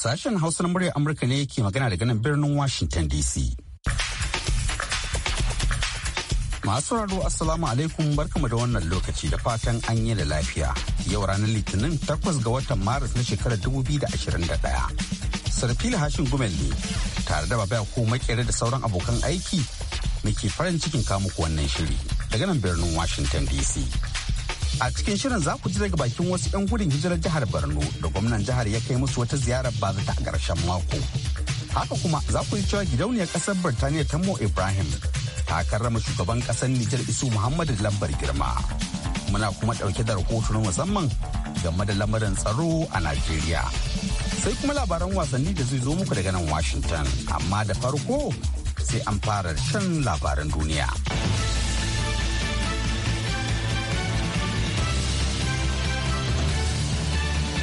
Sashen Hausa na muryar Amurka ne ke magana daga nan birnin Washington DC. Masu raro Assalamu alaikum mu da wannan lokaci da fatan an yi da lafiya. Yau ranar Litinin takwas ga watan Maris na shekarar 2021. Sarfila Hashin Gumel ne tare da Baba ko makere da sauran abokan aiki muke farin cikin kamuku wannan shiri daga nan birnin Washington DC. a cikin shirin za ku ji daga bakin wasu 'yan gudun hijirar jihar borno da gwamnan jihar ya kai musu wata ziyarar bazata a karshen mako haka kuma za ku yi cewa gidauniyar ƙasar birtaniya mo ibrahim ta karrama shugaban ƙasar nijar isu muhammadu lambar girma muna kuma ɗauke da rahoton musamman game da lamarin tsaro a najeriya sai kuma labaran wasanni da zai zo muku daga nan washington amma da farko sai an fara shan labaran duniya.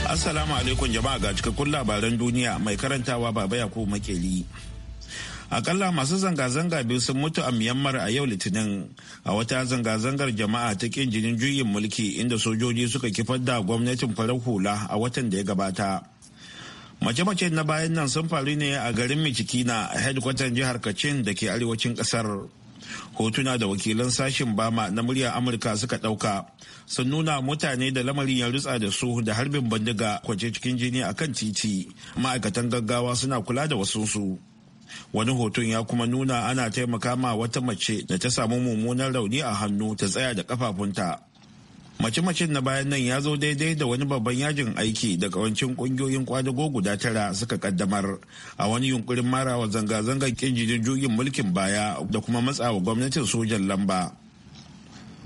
Assalamu alaikum jama'a ga cikakkun labaran duniya mai karantawa baba Yakubu makeli. Akalla masu zanga-zanga biyu sun mutu a Myanmar a yau Litinin a wata zanga-zangar jama'a ta kin jinin juyin mulki inda sojoji suka kifar da gwamnatin farar hula a watan da ya gabata. Mace-mace na bayan nan sun faru ne a garin Michikina a hedkwatan jihar Kachin da ke arewacin kasar. hotuna da wakilan sashen bama na muryar amurka suka ɗauka sun nuna mutane da lamarin ya rutsa da su da harbin bindiga kwance cikin jini a kan titi ma'aikatan gaggawa suna kula da wasunsu wani hoton ya kuma nuna ana taimaka ma wata mace da ta samu mummunan rauni a hannu ta tsaya da kafafunta mace-macen na bayan nan ya zo daidai da wani babban yajin aiki da kawancin kungiyoyin kwadago guda tara suka kaddamar a wani yunkurin marawa zanga-zangar kin juyin mulkin baya da kuma matsawa gwamnatin sojan lamba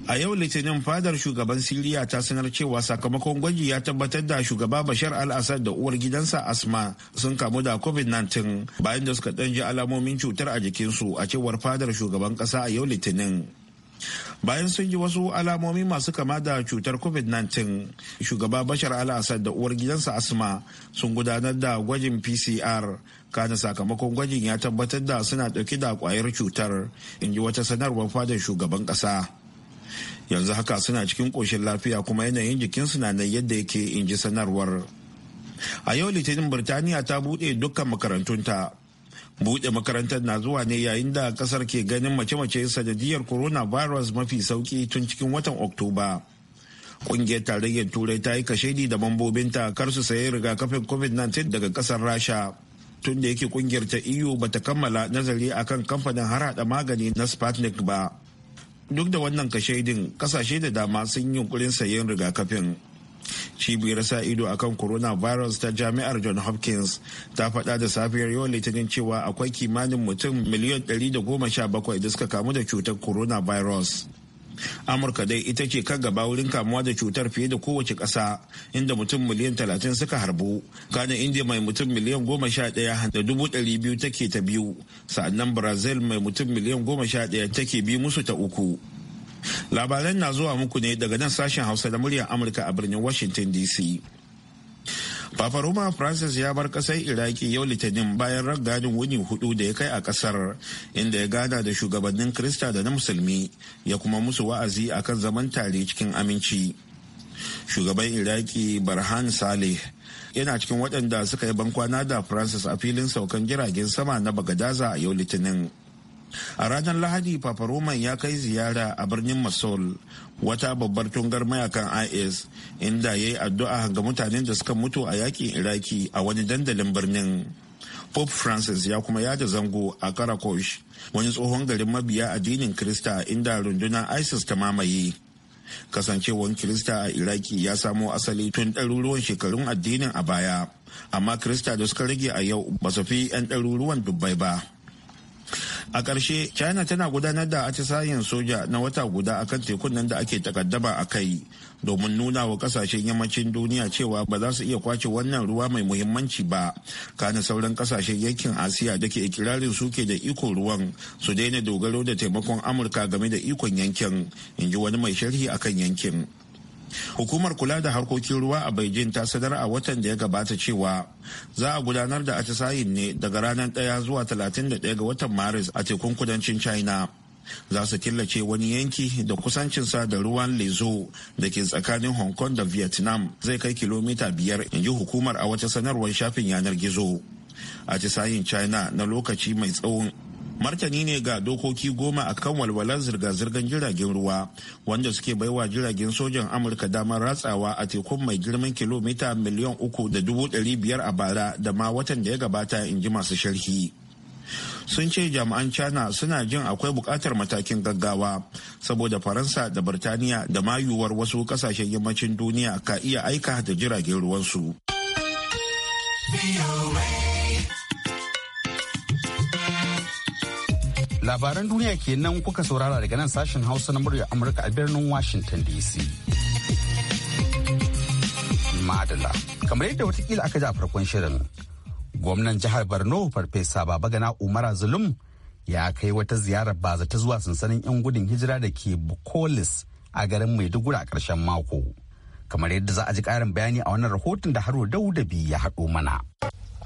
a yau litinin fadar shugaban siriya ta sanar cewa sakamakon gwaji ya tabbatar da shugaba bashar al-assad da uwar gidansa asma sun kamu da covid-19 bayan da suka ɗan alamomin cutar a jikinsu a cewar fadar shugaban ƙasa a yau litinin bayan sun ji wasu alamomi masu kama da cutar covid-19 shugaba bashar al-assad da uwar gidansa asma sun gudanar da gwajin pcr kana sakamakon gwajin ya tabbatar da suna dauke da kwayar cutar in ji wata sanarwar fadar shugaban kasa yanzu haka suna cikin koshin lafiya kuma yanayin jikinsu na nan yadda yake in ji sanarwar a yau litinin birtaniya ta buɗe dukkan makarantunta bude makarantar na zuwa ne yayin da kasar ke ganin mace-mace sanadiyar coronavirus mafi sauki tun cikin watan oktoba kungiyar tarayyar turai ta yi kashedi da mambobinta kar su sayi rigakafin covid-19 daga kasar rasha tun da yake kungiyar ta eu bata kammala nazari a kan kamfanin harhaɗa magani na sputnik ba duk da wannan kashedin kasashe da dama sun yi yunkurin sayen rigakafin cibiyar sa ido akan virus ta jami'ar john hopkins ta faɗa da safiyar yau litinin cewa akwai kimanin mutum miliyan 117 da suka kamu da cutar corona virus. amurka dai ita ce kan gaba wurin kamuwa da cutar fiye da kowace ƙasa inda mutum miliyan 30 suka harbu kanin india mai mutum miliyan 11 da dubu biyu take ta biyu sa'annan brazil mai mutum miliyan 11 take bi musu ta uku labaran na zuwa muku ne daga nan sashen hausa da muryar amurka a birnin washington dc Papa Roma Francis ya bar kasar Iraki yau Litinin bayan ragadin wuni hudu da ya kai a kasar inda ya gana da shugabannin Krista da na Musulmi ya kuma musu wa'azi a kan zaman tare cikin aminci. Shugaban Iraki Barhan Saleh yana cikin waɗanda suka yi bankwana da Francis a filin saukan jiragen sama na Bagadaza a yau Litinin. a ranar lahadi papa ya kai ziyara a birnin masol wata babbar tungar mayakan is inda ya yi addu'a ga mutanen da suka mutu a yakin iraki a wani dandalin birnin pope francis ya kuma yada zango a karakosh wani tsohon garin mabiya addinin krista inda rundunar isis ta mamaye kasancewar krista a Iraki ya samo asali tun ɗaruruwan shekarun addinin a baya, amma krista da suka rage a yau ba su fi 'yan ɗaruruwan dubbai ba. a ƙarshe china tana gudanar da atisayen soja na wata guda akan tekun nan da ake takaddama a kai domin nuna wa kasashen yammacin duniya cewa ba za su iya kwace wannan ruwa mai muhimmanci ba kana sauran kasashen yankin asiya da ke ikirarin suke da iko ruwan su daina dogaro da taimakon amurka game da ikon yankin in ji wani mai sharhi akan yankin hukumar kula da harkokin ruwa a beijing ta sadar a watan da ya gabata cewa za a gudanar da atisayin ne daga ranar 1 zuwa 31 ga watan maris a tekun kudancin china za su killace wani yanki da kusancinsa da ruwan lezo da ke tsakanin hong kong da vietnam zai kai kilomita biyar in ji hukumar a wata sanarwar shafin yanar gizo atisayin china na lokaci mai tsawon martani ne ga dokoki goma a kan walwalar zirga-zirgar jiragen ruwa wanda suke baiwa jiragen sojan amurka damar ratsawa a tekun mai girman kilomita miliyan uku da dubu ɗari biyar a bara da ma watan da ya gabata in ji masu sharhi sun ce jami'an china suna jin akwai buƙatar matakin gaggawa saboda faransa da birtaniya da mayuwar wasu ƙasashen yammacin duniya ka iya aika da jiragen ruwansu. Labaran duniya kenan kuka saurara daga nan sashen Hausa na muryar Amurka a birnin Washington DC. Madala, kamar yadda watakila aka ji a farkon shirin, gwamnan jihar Borno Farfesa Babagana Umara Zulum ya kai wata ziyarar bazata zuwa sansanin 'yan gudun hijira da ke Bukolis a garin Maiduguri a karshen mako. Kamar yadda za a ji karin bayani a wannan rahoton da Haro Dauda biyu ya haɗo mana.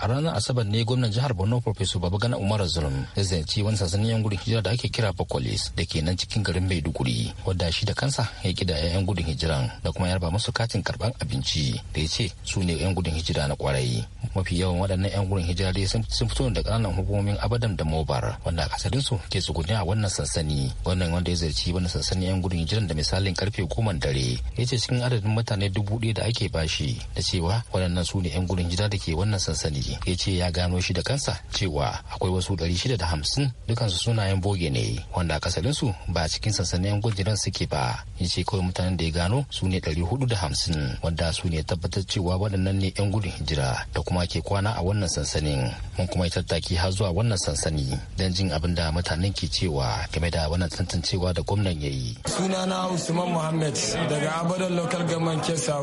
a ranar asabar ne gwamnan jihar borno professor Gana umar zulum ya ziyarci wani sansanin yan gudun hijira da ake kira fakolis da ke nan cikin garin maiduguri wadda shi da kansa ya kida yan gudun hijiran da kuma yarba musu katin karban abinci da ya ce su ne yan gudun hijira na kwarai mafi yawan waɗannan yan gudun hijira dai sun fito da ƙananan hukumomin abadam da mobar wanda akasarin su ke tsugunni a wannan sansani wannan wanda ya ziyarci wani sansanin yan gudun hijiran da misalin karfe goma dare ya ce cikin adadin mutane dubu ɗaya da ake bashi da cewa waɗannan su ne yan gudun hijira da ke wannan sansani ya ce ya gano shi da kansa cewa akwai wasu 650 dukansu sunayen boge ne wanda akasarinsu ba cikin sansanin yan gujiran suke ba ya ce kawai mutanen da ya gano su ne 450 wanda su ne tabbatar cewa waɗannan ne yan gudun hijira da kuma ke kwana a wannan sansanin mun kuma yi tattaki har zuwa wannan sansani don jin abin da mutanen ke cewa game da wannan tantancewa da gwamnan ya yi. sunana usman muhammad daga abadan local government kesa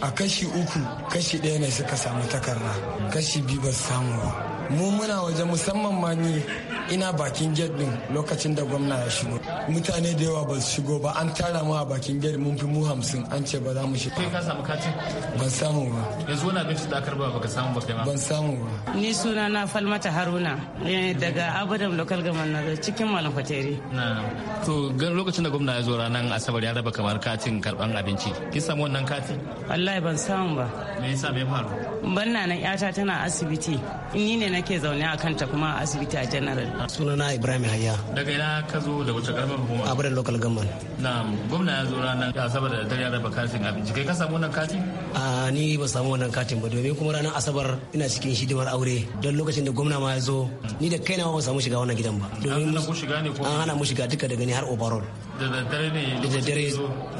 a kashi uku kashi ɗaya ne suka samu takarda kashi ci biyu ba su samu ba mu muna waje musamman ma ni ina bakin gate din lokacin da gwamna ya shigo mutane da yawa ba su shigo ba an tara mu a bakin gate mun fi mu hamsin an ce ba za mu shiga kai ka samu katin ban samu ba yanzu wani abinci da karba baka samu ba kai ma ban samu ba ni suna na falmata haruna eh, daga abadam local government na cikin malam fatere to lokacin da gwamna ya zo ranar asabar ya raba kamar katin karban abinci ki samu wannan katin wallahi ban samu ba me yasa me faru ban na nan yata tana asibiti ni ne nake zaune a kanta kuma a asibiti a general. sunana ibrahim hayya daga ina ka zo da wuce karfin hukuma a bada local government na gwamna ya zo ranar asabar da dare raba katin abinci kai ka samu wannan kati a ni ba samu wannan katin ba domin kuma ranar asabar ina cikin hidimar aure don lokacin da gwamna ma ya zo ni da kaina ba samu shiga wannan gidan ba domin an hana mu shiga duka daga ni har overall da daddare ne da dare.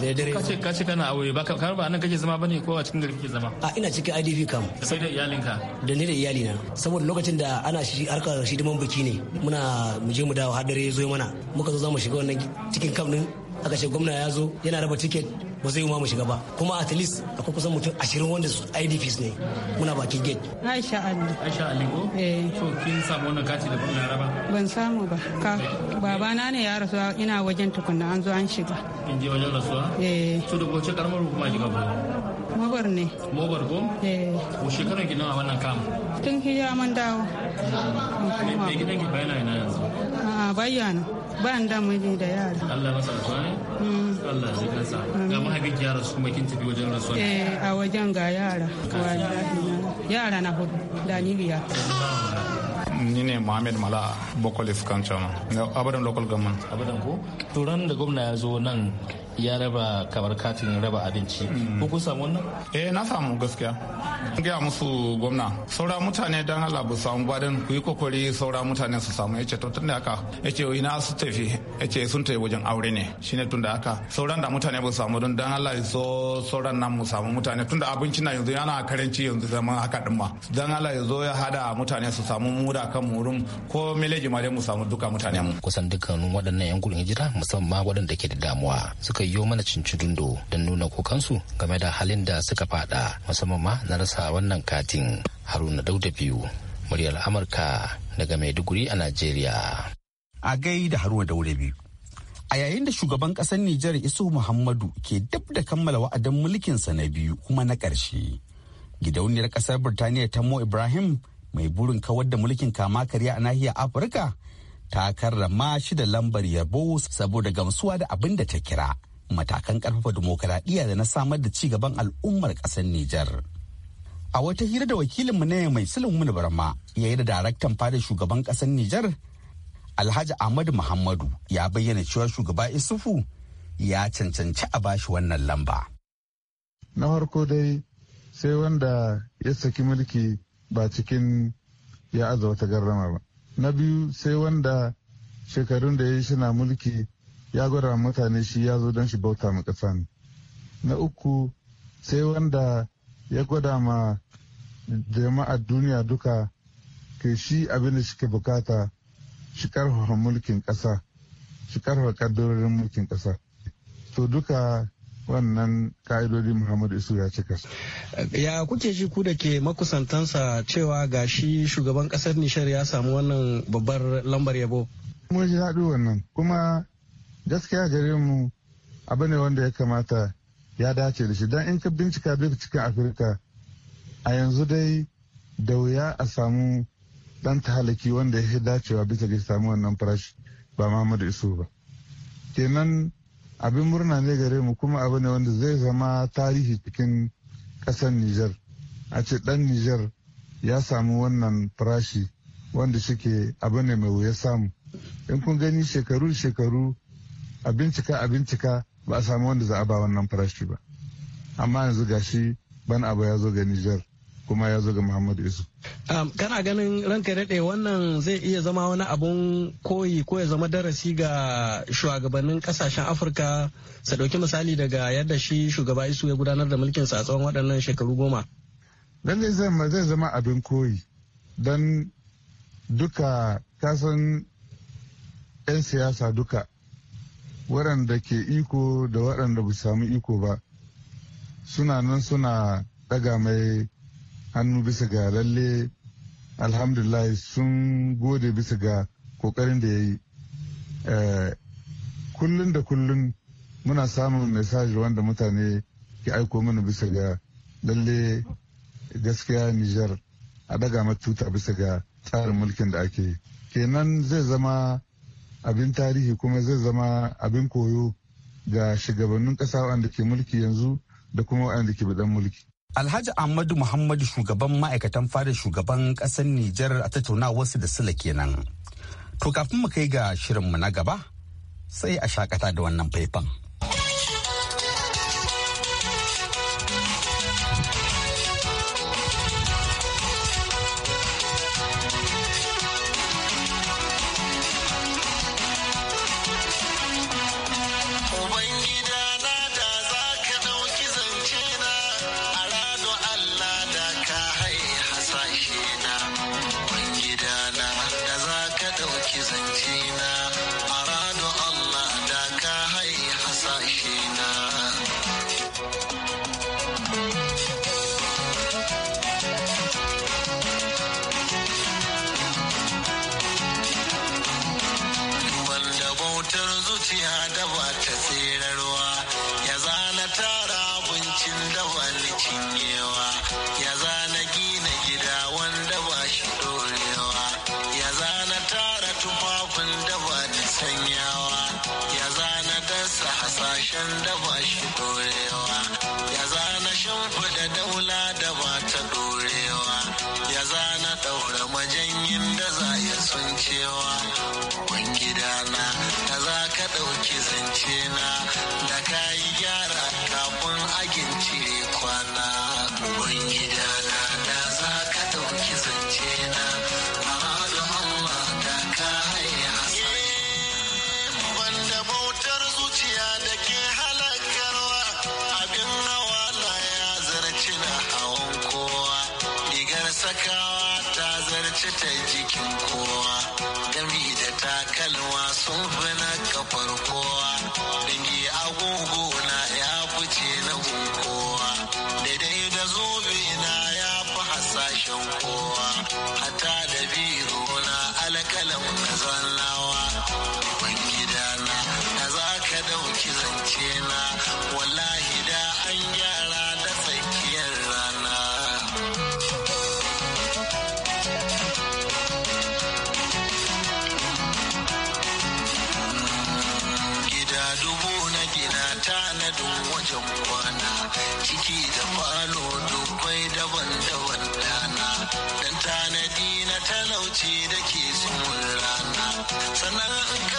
da daddare kace kace kana aure ba kar ba nan kake zama bane ko a cikin gari kake zama a ina cikin IDP kam sai da iyalinka da ni da na. saboda lokacin da ana shi harkar hidiman biki ne muna mu je mu dawo har dare zo mana muka zo za mu shiga wannan cikin kam din aka ce gwamna ya zo yana raba tiket ba zai ma mu shiga ba kuma at least akwai kusan mutum ashirin wanda su idps ne muna bakin gate aisha ali aisha ali ko eh to kin samu wannan kati da gwamnati raba ban samu ba ka eh. babana ne ya rasu ina wajen tukunna an zo an shiga kin je wajen rasuwa eh to da goce karamar hukuma shiga ba mobar ne mobar ko eh ko shekara gidan a wannan kam tun hijira man dawo me gidan ki bayana yana yanzu a bayyana ba da miji da yara Allah masa rasuwa ne mm. Allah zai kansa ga mahaifin yara su kuma kin tafi wajen rasuwa eh a wajen ga yara yara na hudu da ni biya ni ne Mohamed Mala Bokolif Kanchama na Abadan Local Government Abadan ko Turan da gwamna ya zo nan ya raba kamar katin raba abinci mm. ko samu wannan eh na samu gaskiya an gaya musu gwamna saura mutane dan Allah ba samu gwadin ku yi kokari saura mutane su samu yace to tunda haka yace ina su tafi yace sun tafi wajen aure ne shine tunda haka sauran da mutane ba samu don dan Allah ya so sauran nan mu samu mutane tunda abinci na yanzu yana karanci yanzu zama haka din ma dan Allah ya zo ya hada mutane su samu mu da kan murum ko mileji ma dai mu samu duka mutane mu kusan dukkanin waɗannan yan jira hijira musamman waɗanda ke da damuwa suka yi mana cincidundo don nuna kokansu game da halin da suka fada musamman ma na rasa wannan katin haruna dauda biyu muryar amurka daga maiduguri a najeriya a gai da haruna dauda biyu a yayin da shugaban kasar nijar isu muhammadu ke dab da kammala wa'adin mulkinsa na biyu kuma na ƙarshe gidauniyar kasar birtaniya tamo ibrahim mai burin kawar da mulkin kama karya a nahiyar afirka ta karrama shi da lambar yabo saboda gamsuwa da abin da ta kira matakan karfafa dimokuraɗiyya da na samar da ci gaban al'ummar ƙasar Nijar. A wata hira da wakilinmu na mai mun Barma ya yi da daraktan fadar shugaban ƙasar Nijar Alhaji Ahmadu Muhammadu ya bayyana cewa shugaba Isufu ya cancanci a bashi wannan lamba. Na farko dai sai wanda ya saki mulki ba cikin ya aza wata garrama ba. Na biyu sai wanda shekarun da ya yi shina mulki ya gwada mutane shi ya zo don shi bauta ma kasa na uku sai wanda ya gwada ma jama'ar duniya duka ke shi abin da suke bukata shi karfafa mulkin kasa shi karfafa kaddarorin mulkin kasa to duka wannan ka'idodi muhammadu isu ya cika ya kuke shi ku da ke makusantansa cewa ga shi shugaban kasar nishar ya samu wannan babbar lambar yabo mun shi haɗu wannan kuma gaskiya gare mu abu ne wanda ya kamata ya dace da shi don in ka bincika duk cikin afirka a yanzu dai da wuya a samu dan tahalaki wanda ya dacewa bisa ga samu wannan farashi ba muhammadu iso ba kenan abin murna ne gare mu kuma abu ne wanda zai zama tarihi cikin kasar niger a ce dan niger ya samu wannan farashi wanda shike abu ne mai wuya samu in kun gani shekaru shekaru a bincika a bincika ba a samu wanda za a ba wannan farashi ba amma yanzu gashi ban abu ya zo ga Nijar kuma ya zo ga Muhammadu Isu. Um, kana ganin ranka daɗe wannan zai iya zama wani abun koyi ko ya zama darasi ga shugabannin kasashen Afirka su ɗauki misali daga yadda shi shugaba Isu ya gudanar da mulkin sa tsawon waɗannan shekaru goma. Dan zai zama abin koyi don duka kasan 'yan siyasa duka waɗanda ke iko da waɗanda ba samu iko ba suna nan suna ɗaga mai hannu bisa ga lalle alhamdulillah sun gode bisa ga ƙoƙarin da ya yi eh, kullum da kullum muna samun mesaji wanda mutane ke aiko mana bisa ga lalle gaskiya Nijar a daga matuta bisa ga tsarin mulkin da ake kenan zai zama abin tarihi kuma zai zama abin koyo ga shugabannin ƙasa wanda ke mulki yanzu da kuma wanda ke bidan mulki. Alhaji Ahmadu Muhammadu shugaban ma'aikatan fada shugaban ƙasar Nijar a tattaunawarsu da Sula kenan. To kafin mu kai ga shirinmu na gaba sai a shakata da wannan faifan. gyara kafin agin cire kwana ubangida gidana da za ka ɗauki zance na Muhammadu Allah da ka haye Hassan. Eh, banda bautar zuciya da ke halakarwa abin hawa na ya zarci na hawan kowa rigar sakawa ta zarci ta jikin kowa gami da takalma sun fi Sanadin wajen kwana ciki da falo dubbai daban-daban dana don tanadi na talauci da ke sun rana sannan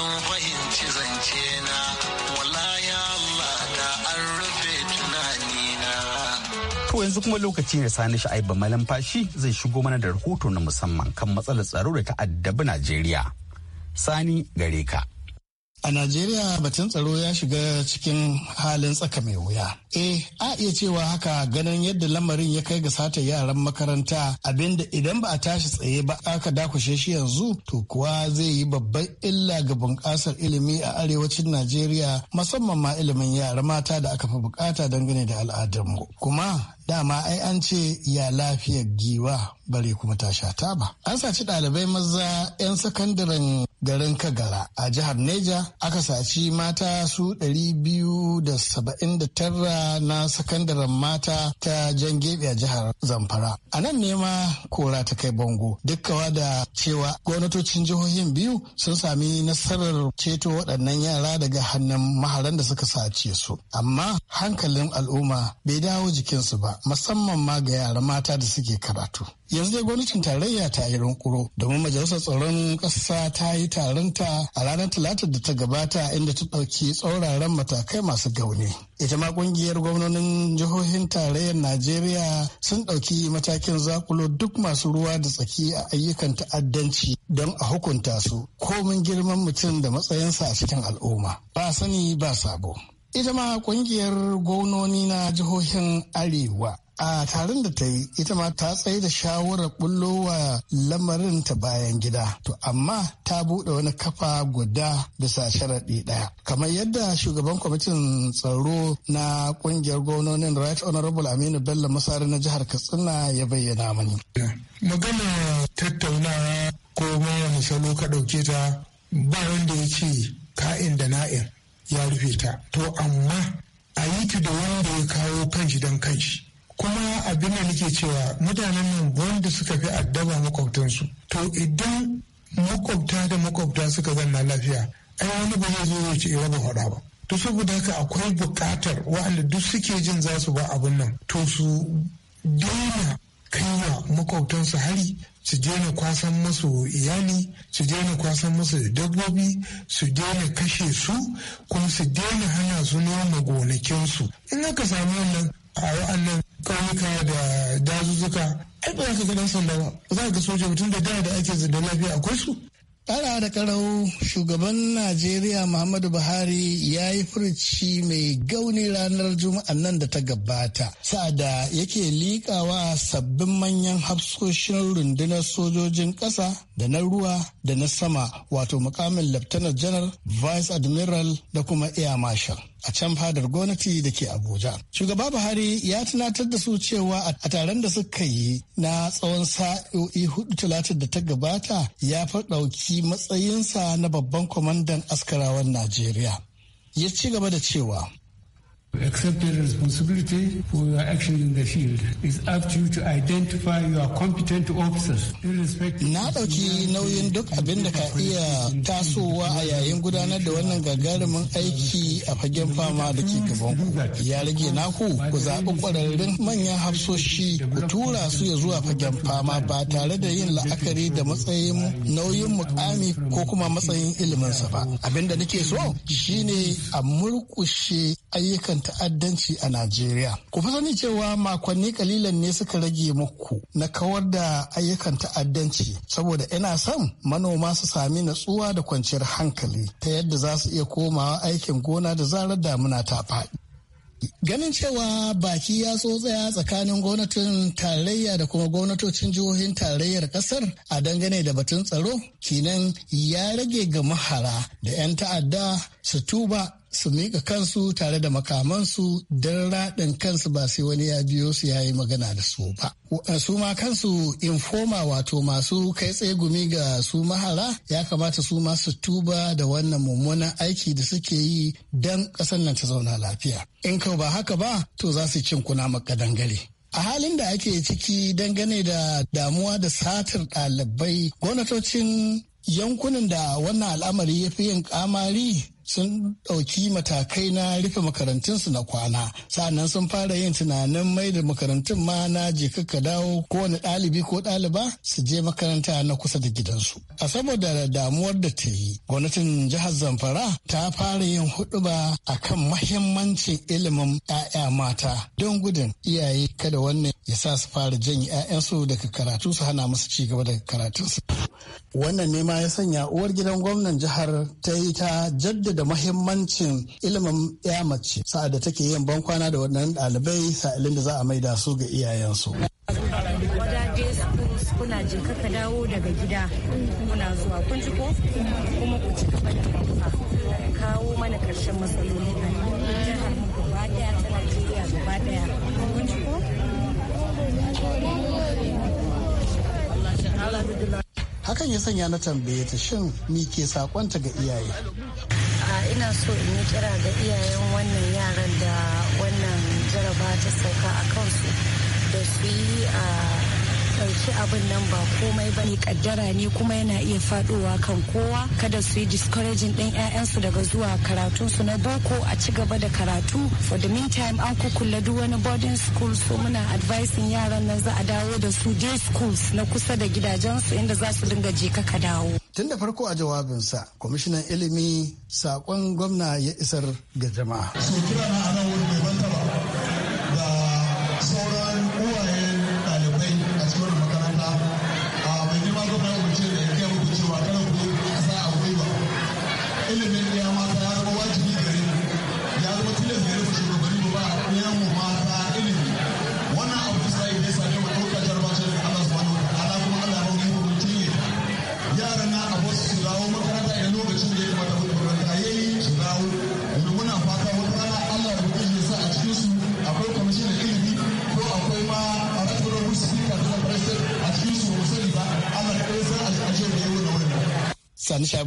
kin fahimci zance na wallahi Allah an rufe tunani to yanzu kuma lokaci ne sani sha'ibu malamfashi zai shigo mana da rahoto na musamman kan matsalar tsaro da ta'addabi Najeriya sani gare ka A Najeriya batun tsaro ya shiga cikin halin tsaka mai wuya. Eh, a iya cewa haka ganin yadda lamarin ya kai ga sata yaran makaranta abinda idan ba a tashi tsaye ba aka dakushe shi yanzu to kuwa zai yi babban illa ga bunƙasar ilimi a arewacin Najeriya musamman ma ilimin yara mata da aka fi bukata dangane da al'adunmu. Kuma dama ai an ce ya lafiyar giwa bare kuma ta sha ba. An saci ɗalibai maza 'yan sakandaren garin Kagara a jihar Neja aka saci mata su 279 na sakandaren mata ta jan gebe a jihar Zamfara. A nan ne kora ta kai bango dukkawa da cewa gwamnatocin jihohin biyu sun sami nasarar ceto waɗannan yara daga hannun maharan da suka sace su. Amma hankalin al'umma bai dawo jikinsu ba musamman ma ga yara mata da suke karatu. yanzu dai gwamnatin tarayya ta yi rinkuro domin majalisar tsaron ƙasa ta yi taronta a ranar talata da ta gabata inda ta ɗauki tsauraran matakai masu gauni ita ma ƙungiyar gwamnonin jihohin tarayyar najeriya sun ɗauki matakin zakulo duk masu ruwa da tsaki a ayyukan ta'addanci don a hukunta su komin girman mutum da matsayinsa a cikin al'umma ba sani ba sabo ita ma ƙungiyar gwamnoni na jihohin arewa a taron da ta yi ita ma ta tsaye da shawarar bullowa lamarin ta bayan gida to amma ta buɗe wani kafa guda bisa sharaɗi ɗaya kamar yadda shugaban kwamitin tsaro na ƙungiyar gwamnonin right honorable aminu bello masari na jihar katsina ya bayyana mani. magana tattaunawa ko mawani salo ka ɗauke ta ba wanda ya ce ka'in da na'in ya rufe ta to amma a yi ta da wanda ya kawo kanshi don kanshi kuma abin da nake cewa mutanen nan wanda suka fi addaba makwabtansu to idan makwabta da makwabta suka zanna lafiya ai wani ba zai zo ya ce raba faɗa ba to saboda haka akwai buƙatar wa'anda duk suke jin za su ba abin nan to su daina kai wa makwabtansu hari su daina kwasan masu iyali su daina kwasan masu dabbobi su daina kashe su kuma su daina hana su noma gonakinsu in aka sami wannan a wa'annan ƙauyuka da dazuzzuka ai ba ga sanda ba za ka ga soja mutum da da ake lafiya akwai su Ƙara da karau shugaban Najeriya Muhammadu Buhari ya yi furuci mai gauni ranar Juma'a nan da ta gabata. Sa'ada yake liƙawa sabbin manyan hafsoshin rundunar sojojin ƙasa da na ruwa da na sama wato mukamin Laftanar Janar, Vice Admiral da kuma Air Marshal. a can fadar gwamnati da ke Abuja. Shugaba Buhari ya tunatar da su cewa a taron da suka yi na tsawon sa'o'i hudu talatin da ta gabata ya faɗauki matsayinsa na babban kwamandan askarawan Najeriya. Ya ci gaba da cewa responsibility for your to identify your competent officers. Na ɗauki nauyin duk abin da ka iya tasowa a yayin gudanar da wannan gagarumin aiki a fagen fama da ke gaban ku. Ya rage naku ku zaɓi ƙwararrun manyan hafsoshi ku tura su ya zuwa fagen fama ba tare da yin la'akari da matsayin nauyin mukami ko kuma matsayin iliminsa ba. Abin da nake so shine a murƙushe ayyukan ta'addanci a Najeriya. Ku fi sani cewa makonni kalilan ne suka rage muku na kawar da ayyukan ta'addanci saboda ina son manoma su sami natsuwa da kwanciyar hankali ta yadda za su iya komawa aikin gona da zarar damuna ta faɗi. Ganin cewa baki ya so tsaya tsakanin gwamnatin tarayya da kuma gwamnatocin jihohin tarayyar kasar a dangane da batun tsaro kinan ya rage ga mahara da 'yan ta'adda su tuba su miƙa kansu tare da makamansu don raɗin kansu ba sai wani ya biyo su ya yi magana da su ba. Su ma kansu informa wato masu kai tsaye gumi ga su mahara ya kamata su ma su tuba da wannan mummunan aiki da suke yi don ƙasar nan ta zauna lafiya. In kau ba haka ba to za su cin kuna gare. A halin da ake ciki dangane da damuwa da satar ɗalibai gwamnatocin yankunan da wannan al'amari ya fi yin kamari sun ɗauki matakai na rufe makarantunsu na kwana sannan sun fara yin tunanin mai da makarantun ma na je ka dawo kowane ɗalibi ko ɗaliba su je makaranta na kusa da gidansu a saboda damuwar da ta yi gwamnatin jihar zamfara ta fara yin huɗuba kan mahimmancin ilimin 'ya'ya mata don gudun iyaye kada wannan ya sa su fara janye 'ya'yansu daga karatu su hana musu ci gaba daga karatunsu wannan ne ma ya sanya uwar gidan gwamnan jihar ta yi ta jaddada mahimmancin ilimin ya mace sa'ad take yin bankwana da waɗannan ɗalibai sa'ilin da za a maida su ga iyayensu kuna je kaka dawo daga gida muna zuwa kun ji ko kuma ku ci gaba da kawo mana karshen matsaloli a jihar mu gaba daya ta Najeriya gaba daya kun ji ko hakan ya sanya na tambaye ta shin me ke sakonta ga iyaye ina so in yi kira ga iyayen wannan yaran da wannan jaraba ta sauka a kansu da su yi a ɗauki abin nan ba komai ba ne kaddara ne kuma yana iya faɗowa kan kowa kada su yi discouraging ɗin 'ya'yansu daga zuwa karatu su na boko a ci gaba da karatu for the meantime an kukula duk wani boarding school so muna advising yaran nan za a dawo da su day schools na kusa da gidajensu inda za su dinga je ka dawo. Tun da farko a jawabinsa, kwamishinan ilimi saƙon gwamna ya isar ga jama'a.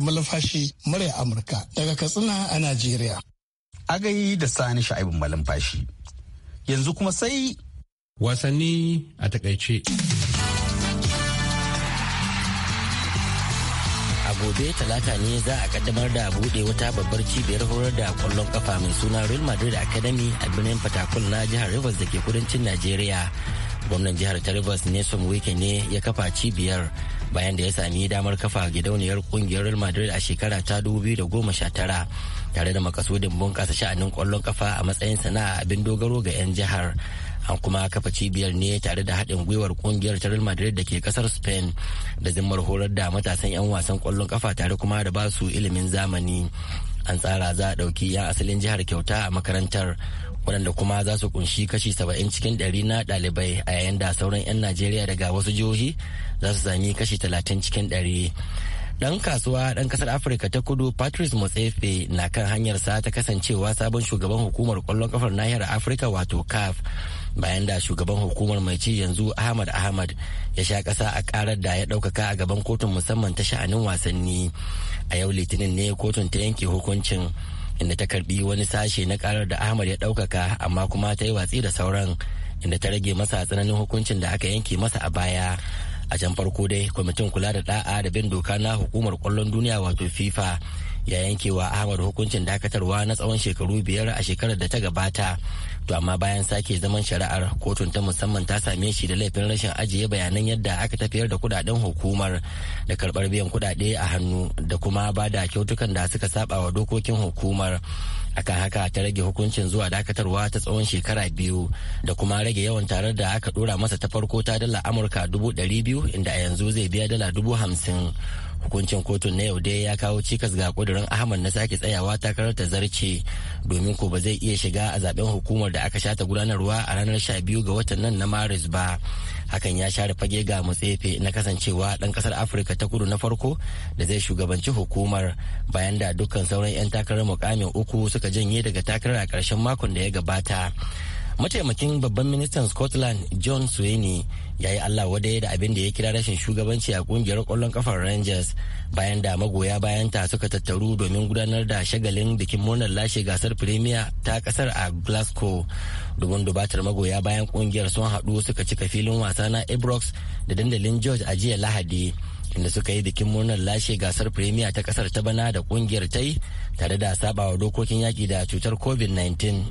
malumfashi murya Amurka daga Katsina a Najeriya. Agayi da sani sha'ibin malumfashi. Yanzu kuma sai wasanni a takaice. gobe talata ne za a kaddamar da bude wata babbar cibiyar horar da kwallon kafa mai suna real madrid academy a birnin fatakul na jihar rivers da ke kudancin najeriya gwamnan jihar ta rivers nelson wike ne ya kafa cibiyar bayan da ya sami damar kafa gidauniyar kungiyar Real Madrid a shekara ta da goma sha tara tare da makasudin bunƙasa sha'anin ƙwallon kafa a matsayin sana'a abin dogaro ga 'yan jihar. An kuma kafa cibiyar ne tare da haɗin gwiwar kungiyar ta Real Madrid da ke kasar Spain da zimmar horar da matasan 'yan wasan ƙwallon kafa tare kuma da basu ilimin zamani. An tsara za a ɗauki 'yan asalin jihar kyauta a makarantar waɗanda kuma za su kunshi kashi saba'in cikin ɗari na ɗalibai a yayin da sauran 'yan najeriya daga wasu jihohi za su sami kashi talatin cikin ɗari dan kasuwa ɗan ƙasar afirka ta kudu patrice motsefe na kan hanyarsa ta kasancewa sabon shugaban hukumar kwallon kafar nahiyar afirka wato caf bayan da shugaban hukumar mai ci yanzu ahmad ahmad ya sha ƙasa a karar da ya ɗaukaka a gaban kotun musamman ta sha'anin wasanni a yau litinin ne kotun ta yanke hukuncin inda ta karbi wani sashe na karar da ahmad ya daukaka amma kuma ta yi watsi da sauran inda ta rage masa tsananin hukuncin da aka yanke masa a baya a can farko dai kwamitin kula da da'a da bin doka na hukumar kwallon duniya wato fifa ya yanke wa ahmad hukuncin dakatarwa na tsawon shekaru biyar a shekarar da ta gabata to amma bayan sake zaman shari'ar kotun ta musamman ta same shi da laifin rashin ajiye bayanan yadda aka tafiyar da kudaden hukumar da karbar biyan kudade a hannu da kuma ba da kyautukan da suka saba wa dokokin hukumar akan haka ta rage hukuncin zuwa dakatarwa ta tsawon shekara biyu da kuma rage yawan tarar da aka dora masa ta farko ta dala amurka dubu ɗari biyu inda a yanzu zai biya dala dubu hamsin hukuncin kotun na yau dai ya kawo cikas ga kudurin ahmad na sake tsayawa takarar ta zarce domin ko ba zai iya shiga a zaben hukumar da aka shata gudanarwa a ranar 12 ga watan nan na maris ba hakan ya share fage ga mutsefe na kasancewa dan kasar afirka ta kudu na farko da zai shugabanci hukumar bayan da dukkan sauran 'yan takarar mukamin uku suka janye daga takarar a karshen makon da ya gabata mataimakin babban ministan scotland john sweeney ya yi allah wadai da abin da ya kira rashin shugabanci a kungiyar kwallon kafar rangers bayan da magoya bayanta suka tattaru domin gudanar da shagalin bikin murnar lashe gasar premier ta kasar a glasgow domin dubatar magoya bayan kungiyar sun haɗu suka cika filin wasa na ibrox da dandalin george a jiya lahadi inda suka yi bikin murnar lashe gasar premier ta kasar ta bana da kungiyar ta yi tare da sabawa dokokin yaki da cutar covid-19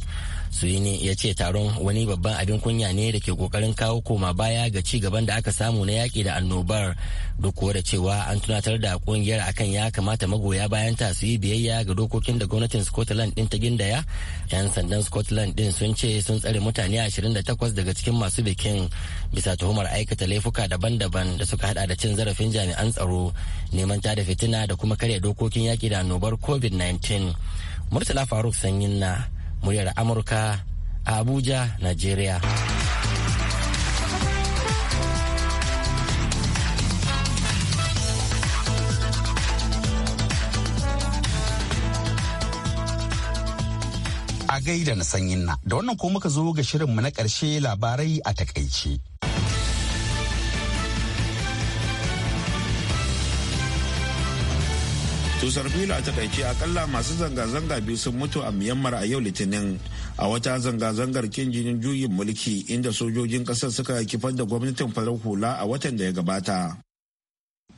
Suini ya ce taron wani babban abin kunya ne da ke kokarin kawo koma baya ga ci gaban da aka samu na yaƙi da annobar duk da cewa an tunatar da kungiyar akan ya kamata magoya bayan ta su yi biyayya ga dokokin da gwamnatin Scotland din ta gindaya. 'Yan sandan Scotland din sun ce sun tsare mutane 28 daga cikin masu bikin bisa tuhumar aikata laifuka daban-daban da suka hada da cin zarafin jami'an tsaro neman ta da fitina da kuma karya dokokin yaƙi da annobar covid-19 murtala faruk sanyin na muryar amurka a abuja Najeriya. a gaida na sanyin na da wannan ko muka zo ga shirinmu na ƙarshe labarai a takaice. tusar filo a takaice akalla masu zanga-zanga biyu sun mutu a myanmar a yau litinin a wata zanga-zangar kin jinin juyin mulki inda sojojin kasar suka kifar da gwamnatin farar hula a watan da ya gabata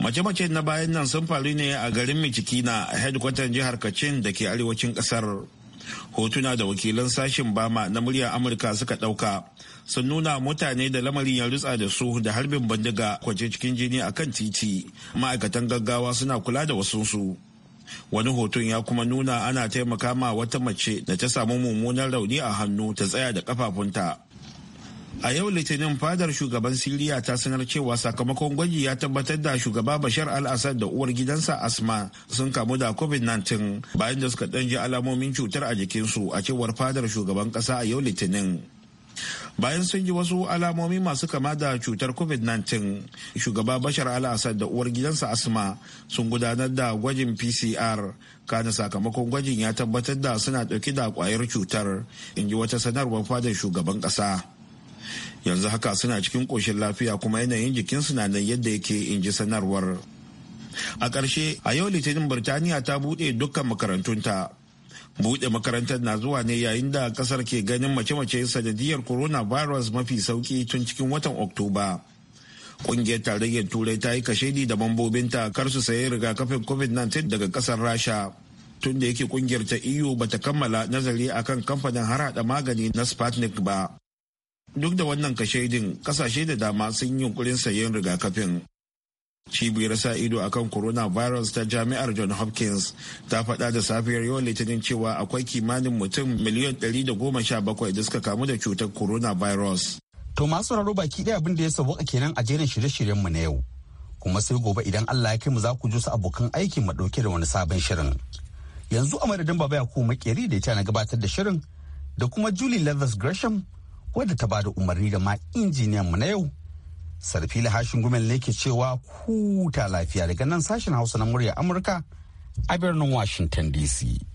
mace-mace na bayan nan sun faru ne a garin michikina a headquarter jihar kacin da ke arewacin kasar hotuna da wakilan sashen bama na muryar amurka suka dauka sun nuna mutane da lamari ya rutsa da su da harbin bindiga kwace cikin jini akan titi ma'aikatan gaggawa suna kula da wasunsu. su wani hoton ya kuma nuna ana taimaka ma wata mace da ta samu mummunan rauni a hannu ta tsaya da kafafunta a yau litinin fadar shugaban siriya ta sanar cewa sakamakon gwaji ya tabbatar da shugaba bashar al-assad da uwar gidansa asma sun kamu da covid-19 bayan da suka ɗan ji alamomin cutar a jikinsu a cewar fadar shugaban ƙasa a yau litinin bayan sun yi wasu alamomi masu kama da cutar covid-19 shugaba bashar al-assad da uwar gidansa asma sun gudanar da gwajin pcr kana sakamakon gwajin ya tabbatar da suna dauke da kwayar cutar in ji wata sanarwar fadar shugaban kasa yanzu haka suna cikin koshin lafiya kuma yanayin jikin na nan yadda yake in ji sanarwar a ƙarshe a yau litinin birtaniya ta buɗe dukkan makarantunta bude makarantar na zuwa ne yayin da kasar ke ganin mace-mace sanadiyar coronavirus mafi sauki tun cikin watan oktoba kungiyar tarayyar turai ta yi kashedi da mambobinta kar su sayi rigakafin covid-19 daga kasar rasha tun da yake kungiyar ta eu ta kammala nazari akan kamfanin harada magani na sputnik ba duk da wannan kashedin kasashe da dama sun yi yunkurin sayen rigakafin cibiyar sa ido akan coronavirus ta jami'ar john hopkins ta faɗa da safiyar yau litinin cewa akwai kimanin mutum miliyan 117 da suka kamu da cutar coronavirus to masu raro baki ɗaya abin da ya sauwaka kenan a jerin shirye-shiryenmu na yau kuma sai gobe idan allah ya kai mu za ku ji su abokan aiki mu ɗauke da wani sabon shirin yanzu a madadin baba ya kuma makeri da ita na gabatar da shirin da kuma julie levis gresham wadda ta bada umarni da ma injiniyan mu na yau sarfili hashin gumen ne ke cewa kuta lafiya daga nan sashen hausa na murya amurka a birnin washington dc